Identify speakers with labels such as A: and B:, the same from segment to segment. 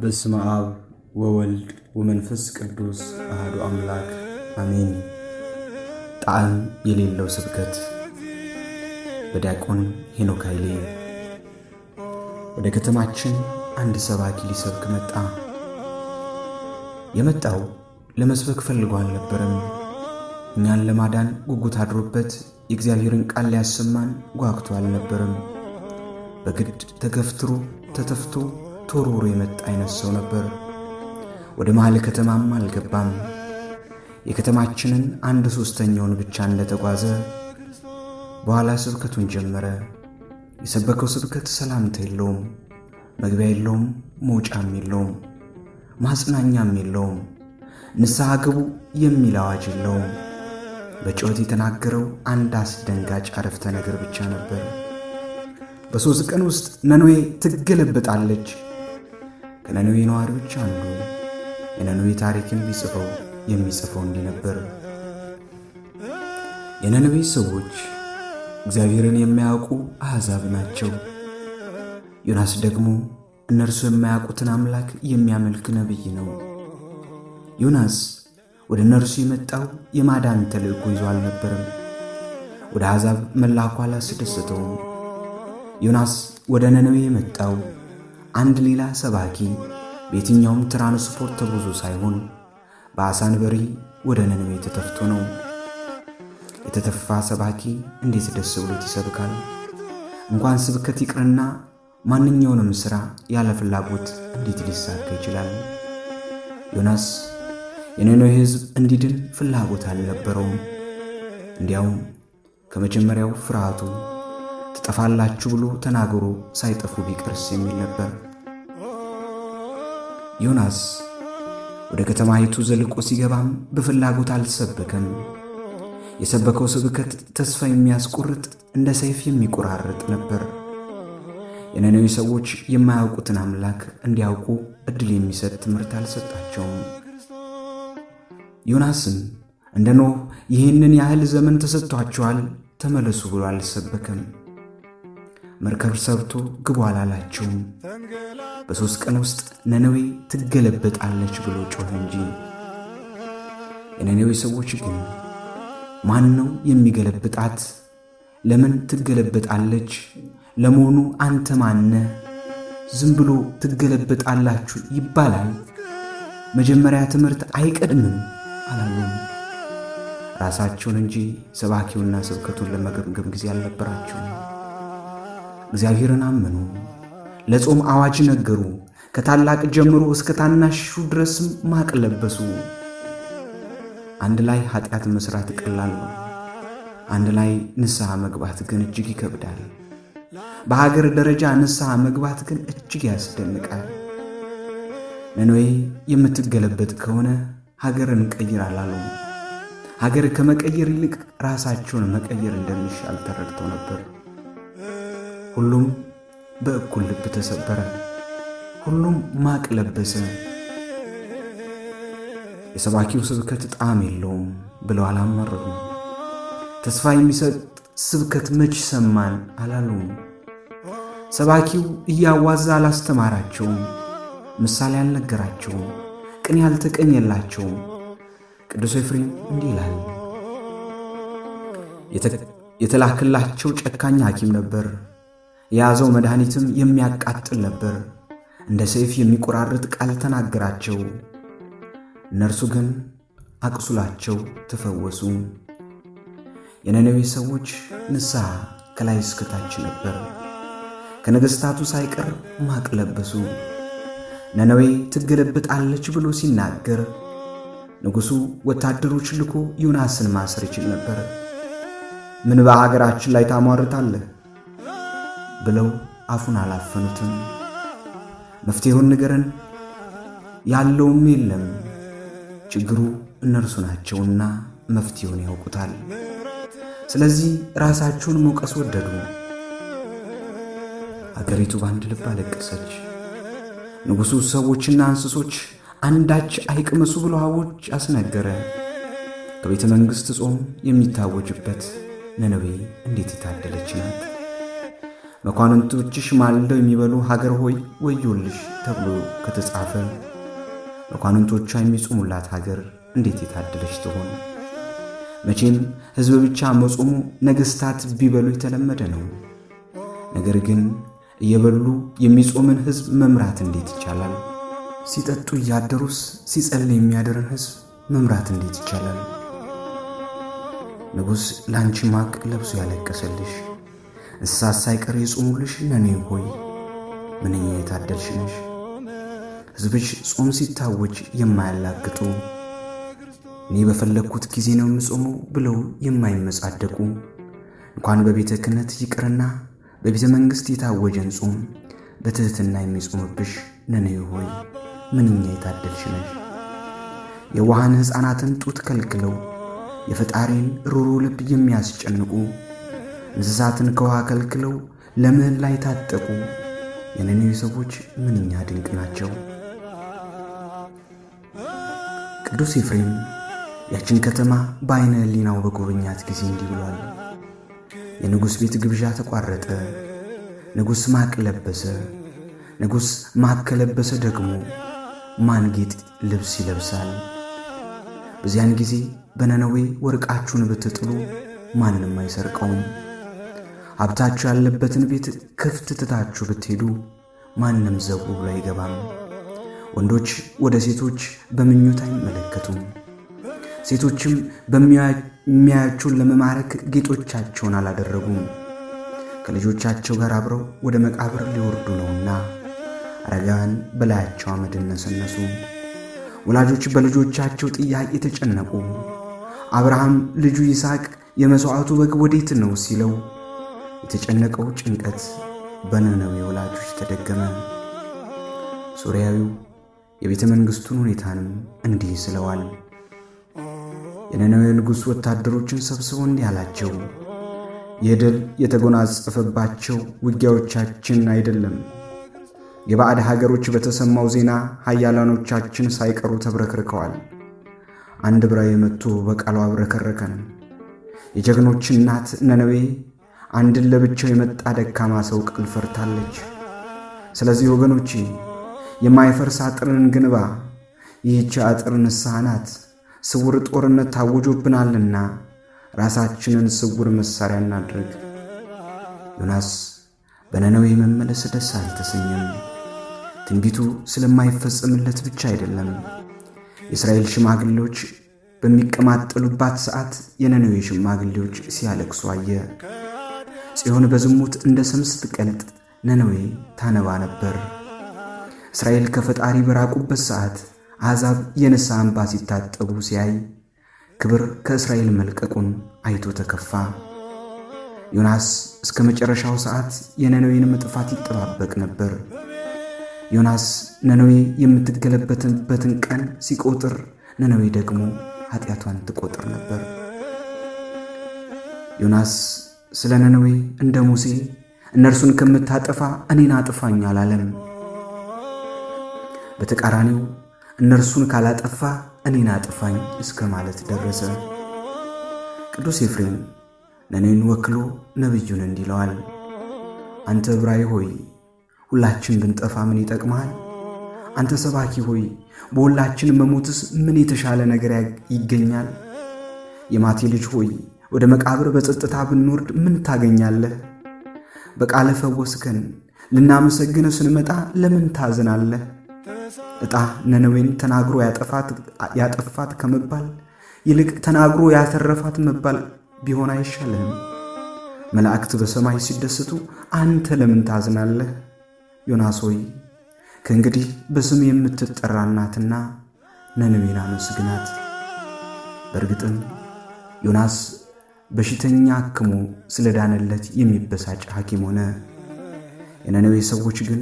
A: በስመ አብ ወወልድ ወመንፈስ ቅዱስ አህዱ አምላክ አሜን። ጣዕም የሌለው ስብከት በዲያቆን ሄኖክ ኃይሌ። ወደ ከተማችን አንድ ሰባኪ ሊሰብክ መጣ። የመጣው ለመስበክ ፈልጎ አልነበረም። እኛን ለማዳን ጉጉት አድሮበት የእግዚአብሔርን ቃል ሊያሰማን ጓግቶ አልነበረም። በግድ ተገፍትሮ ተተፍቶ ተወርውሮ የመጣ አይነት ሰው ነበር። ወደ መሃል ከተማም አልገባም። የከተማችንን አንድ ሦስተኛውን ብቻ እንደተጓዘ በኋላ ስብከቱን ጀመረ። የሰበከው ስብከት ሰላምታ የለውም፣ መግቢያ የለውም፣ መውጫም የለውም፣ ማጽናኛም የለውም፣ ንስሐ ግቡ የሚል አዋጅ የለውም። በጩኸት የተናገረው አንድ አስደንጋጭ አረፍተ ነገር ብቻ ነበር። በሦስት ቀን ውስጥ ነነዌ ትገለበጣለች ከነነዌ ነዋሪዎች አንዱ የነነዌ ታሪክን ቢጽፈው የሚጽፈው እንዲህ ነበር። የነነዌ ሰዎች እግዚአብሔርን የማያውቁ አሕዛብ ናቸው። ዮናስ ደግሞ እነርሱ የማያውቁትን አምላክ የሚያመልክ ነቢይ ነው። ዮናስ ወደ እነርሱ የመጣው የማዳን ተልእኮ ይዞ አልነበረም። ወደ አሕዛብ መላኩ አላስደሰተውም። ዮናስ ወደ ነነዌ የመጣው አንድ ሌላ ሰባኪ በየትኛውም ትራንስፖርት ተጉዞ ሳይሆን በአሳንበሪ ወደ ነነዌ ተተፍቶ ነው። የተተፋ ሰባኪ እንዴት ደስ ብሎት ይሰብካል! እንኳን ስብከት ይቅርና ማንኛውንም ሥራ ያለ ፍላጎት እንዴት ሊሳካ ይችላል? ዮናስ የነነዌ ሕዝብ እንዲድን ፍላጎት አልነበረውም። እንዲያውም ከመጀመሪያው ፍርሃቱ ትጠፋላችሁ ብሎ ተናግሮ ሳይጠፉ ቢቀርስ የሚል ነበር። ዮናስ ወደ ከተማይቱ ዘልቆ ሲገባም በፍላጎት አልሰበከም። የሰበከው ስብከት ተስፋ የሚያስቆርጥ እንደ ሰይፍ የሚቆራርጥ ነበር። የነነዌ ሰዎች የማያውቁትን አምላክ እንዲያውቁ እድል የሚሰጥ ትምህርት አልሰጣቸውም። ዮናስም እንደ ኖህ ይህንን ያህል ዘመን ተሰጥቷቸዋል ተመለሱ ብሎ አልሰበከም። መርከብ ሰርቶ ግቡ አላላችሁም። በሦስት ቀን ውስጥ ነነዌ ትገለበጣለች ብሎ ጮኸ እንጂ። የነነዌ ሰዎች ግን ማን ነው የሚገለብጣት? ለምን ትገለበጣለች? ለመሆኑ አንተ ማነ ዝም ብሎ ትገለበጣላችሁ ይባላል? መጀመሪያ ትምህርት አይቀድምም አላለም። ራሳቸውን እንጂ ሰባኪውና ስብከቱን ለመገምገም ጊዜ አልነበራቸውም። እግዚአብሔርን አመኑ፣ ለጾም አዋጅ ነገሩ፣ ከታላቅ ጀምሮ እስከ ታናሹ ድረስም ማቅ ለበሱ። አንድ ላይ ኃጢአት መሥራት ቀላል ነው። አንድ ላይ ንስሐ መግባት ግን እጅግ ይከብዳል። በሀገር ደረጃ ንስሐ መግባት ግን እጅግ ያስደንቃል። ነነዌ የምትገለበጥ ከሆነ ሀገርን እንቀይር አላለው። ሀገር ከመቀየር ይልቅ ራሳቸውን መቀየር እንደሚሻል ተረድተው ነበር። ሁሉም በእኩል ልብ ተሰበረ። ሁሉም ማቅ ለበሰ። የሰባኪው ስብከት ጣዕም የለውም ብለው አላማረሩም። ተስፋ የሚሰጥ ስብከት መች ሰማን አላሉም። ሰባኪው እያዋዛ አላስተማራቸውም። ምሳሌ አልነገራቸውም። ቅኔ አልተቀኘላቸውም። ቅዱስ ኤፍሬም እንዲህ ይላል፣ የተላከላቸው ጨካኝ ሐኪም ነበር። የያዘው መድኃኒትም የሚያቃጥል ነበር። እንደ ሰይፍ የሚቆራርጥ ቃል ተናገራቸው። እነርሱ ግን አቅሱላቸው ተፈወሱ። የነነዌ ሰዎች ንስሐ ከላይ እስከታች ነበር። ከነገሥታቱ ሳይቀር ማቅ ለበሱ። ነነዌ ትገለብጣለች ብሎ ሲናገር ንጉሡ ወታደሮች ልኮ ዮናስን ማሰር ይችል ነበር። ምን በሀገራችን ላይ ታሟርታለህ? ብለው አፉን አላፈኑትም። መፍትሄውን ንገረን ያለውም የለም ችግሩ እነርሱ ናቸውና መፍትሄውን ያውቁታል። ስለዚህ ራሳቸውን መውቀስ ወደዱ። አገሪቱ በአንድ ልብ አለቀሰች። ንጉሡ ሰዎችና እንስሶች አንዳች አይቅመሱ ብሎ አዋጅ አስነገረ። ከቤተ መንግሥት ጾም የሚታወጅበት ነነዌ እንዴት የታደለች ናት! መኳንንቶችሽ ማልደው የሚበሉ ሀገር ሆይ ወዮልሽ ተብሎ ከተጻፈ መኳንንቶቿ የሚጾሙላት ሀገር እንዴት የታደለች ትሆን? መቼም ሕዝብ ብቻ መጾሙ ነገሥታት ቢበሉ የተለመደ ነው። ነገር ግን እየበሉ የሚጾምን ሕዝብ መምራት እንዴት ይቻላል? ሲጠጡ እያደሩስ ሲጸልይ የሚያደርን ሕዝብ መምራት እንዴት ይቻላል? ንጉሥ ለአንቺ ማቅ ለብሶ ያለቀሰልሽ እሳት ሳይቀር የጾሙልሽ ነኔን ሆይ ምንኛ የታደልሽ ነሽ! ሕዝብሽ ጾም ሲታወጅ የማያላግጡ እኔ በፈለግኩት ጊዜ ነው የምጾመው ብለው የማይመጻደቁ እንኳን በቤተ ክህነት ይቅርና በቤተ መንግሥት የታወጀን ጾም በትሕትና የሚጾምብሽ ነነዌ ሆይ ምንኛ የታደልሽ ነሽ! የዋሃን ሕፃናትን ጡት ከልክለው የፈጣሪን ሩሩ ልብ የሚያስጨንቁ እንስሳትን ከውሃ ከልክለው ላይ የታጠቁ የነነዌ ሰዎች ምንኛ ድንቅ ናቸው። ቅዱስ ኤፍሬም ያችን ከተማ በዓይነ ህሊናው በጎበኛት ጊዜ እንዲህ ብሏል። የንጉሥ ቤት ግብዣ ተቋረጠ። ንጉሥ ማቅ ለበሰ። ንጉሥ ማቅ ከለበሰ ደግሞ ማንጌጥ ልብስ ይለብሳል። በዚያን ጊዜ በነነዌ ወርቃችሁን ብትጥሉ ማንንም አይሰርቀውም። ሀብታችሁ ያለበትን ቤት ክፍት ትታችሁ ብትሄዱ ማንም ዘው ብሎ አይገባም። ወንዶች ወደ ሴቶች በምኞት አይመለከቱም። ሴቶችም በሚያያቸውን ለመማረክ ጌጦቻቸውን አላደረጉም። ከልጆቻቸው ጋር አብረው ወደ መቃብር ሊወርዱ ነውና አረጋውያን በላያቸው አመድነሰነሱ። ነሰነሱ። ወላጆች በልጆቻቸው ጥያቄ ተጨነቁ። አብርሃም ልጁ ይስሐቅ የመሥዋዕቱ በግ ወዴት ነው ሲለው የተጨነቀው ጭንቀት በነነዌ ወላጆች ተደገመ። ሶርያዊው የቤተ መንግሥቱን ሁኔታንም እንዲህ ስለዋል። የነነዌ ንጉሥ ወታደሮችን ሰብስቦ እንዲህ አላቸው፣ ይህ ድል የተጎናጸፈባቸው ውጊያዎቻችን አይደለም። የባዕድ ሀገሮች በተሰማው ዜና ኃያላኖቻችን ሳይቀሩ ተብረክርከዋል። አንድ ብራዊ መጥቶ በቃሉ አብረከረከን። የጀግኖች እናት ነነዌ አንድን ለብቻው የመጣ ደካማ ሰው ቅል ፈርታለች። ስለዚህ ወገኖቼ የማይፈርስ አጥርን ግንባ። ይህች አጥር ንስሐ ናት። ስውር ጦርነት ታውጆብናልና ራሳችንን ስውር መሳሪያ እናድርግ። ዮናስ በነነዌ መመለስ ደስ አልተሰኘም። ትንቢቱ ስለማይፈጸምለት ብቻ አይደለም። የእስራኤል ሽማግሌዎች በሚቀማጠሉባት ሰዓት የነነዌ ሽማግሌዎች ሲያለቅሱ አየ። ጽዮን በዝሙት እንደ ሰም ስትቀልጥ ነነዌ ታነባ ነበር። እስራኤል ከፈጣሪ በራቁበት ሰዓት አሕዛብ የንስሐ እንባ ሲታጠቡ ሲያይ ክብር ከእስራኤል መልቀቁን አይቶ ተከፋ። ዮናስ እስከ መጨረሻው ሰዓት የነነዌን መጥፋት ይጠባበቅ ነበር። ዮናስ ነነዌ የምትገለበትበትን ቀን ሲቆጥር፣ ነነዌ ደግሞ ኃጢአቷን ትቆጥር ነበር። ዮናስ ስለ ነነዌ እንደ ሙሴ እነርሱን ከምታጠፋ እኔን አጥፋኝ አላለም። በተቃራኒው እነርሱን ካላጠፋ እኔን አጥፋኝ እስከ ማለት ደረሰ። ቅዱስ ኤፍሬም ነኔን ወክሎ ነቢዩን እንዲለዋል አንተ ብራይ ሆይ ሁላችን ብንጠፋ ምን ይጠቅመሃል? አንተ ሰባኪ ሆይ በሁላችን መሞትስ ምን የተሻለ ነገር ይገኛል? የማቴ ልጅ ሆይ ወደ መቃብር በጸጥታ ብንወርድ ምን ታገኛለህ? በቃለ ፈወስከን፣ ልናመሰግነ ስንመጣ ለምን ታዝናለህ? ዕጣ ነነዌን ተናግሮ ያጠፋት ከመባል ይልቅ ተናግሮ ያተረፋት መባል ቢሆን አይሻልህም? መላእክት በሰማይ ሲደሰቱ አንተ ለምን ታዝናለህ? ዮናስ ሆይ ከእንግዲህ በስም የምትጠራ ናትና ነነዌን አመስግናት። በእርግጥም ዮናስ በሽተኛ አክሞ ስለዳነለት የሚበሳጭ ሐኪም ሆነ። የነነዌ ሰዎች ግን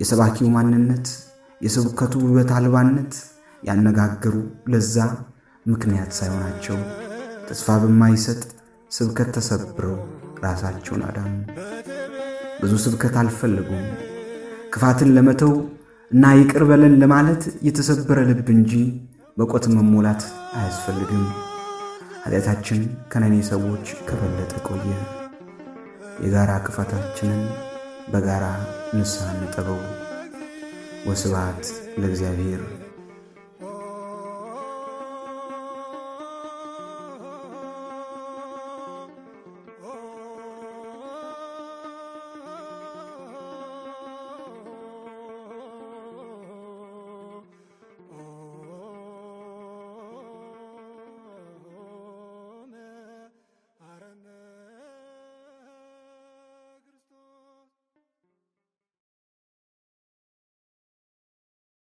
A: የሰባኪው ማንነት፣ የስብከቱ ውበት አልባነት ያነጋገሩ ለዛ ምክንያት ሳይሆናቸው ተስፋ በማይሰጥ ስብከት ተሰብረው ራሳቸውን አዳሙ። ብዙ ስብከት አልፈለጉም። ክፋትን ለመተው እና ይቅር በለን ለማለት የተሰበረ ልብ እንጂ በቆት መሞላት አያስፈልግም። ኃጢአታችን ከነኔ ሰዎች ከበለጠ ቆየ። የጋራ ክፋታችንን በጋራ ንስሐ እንጠበው። ወስብሐት ለእግዚአብሔር።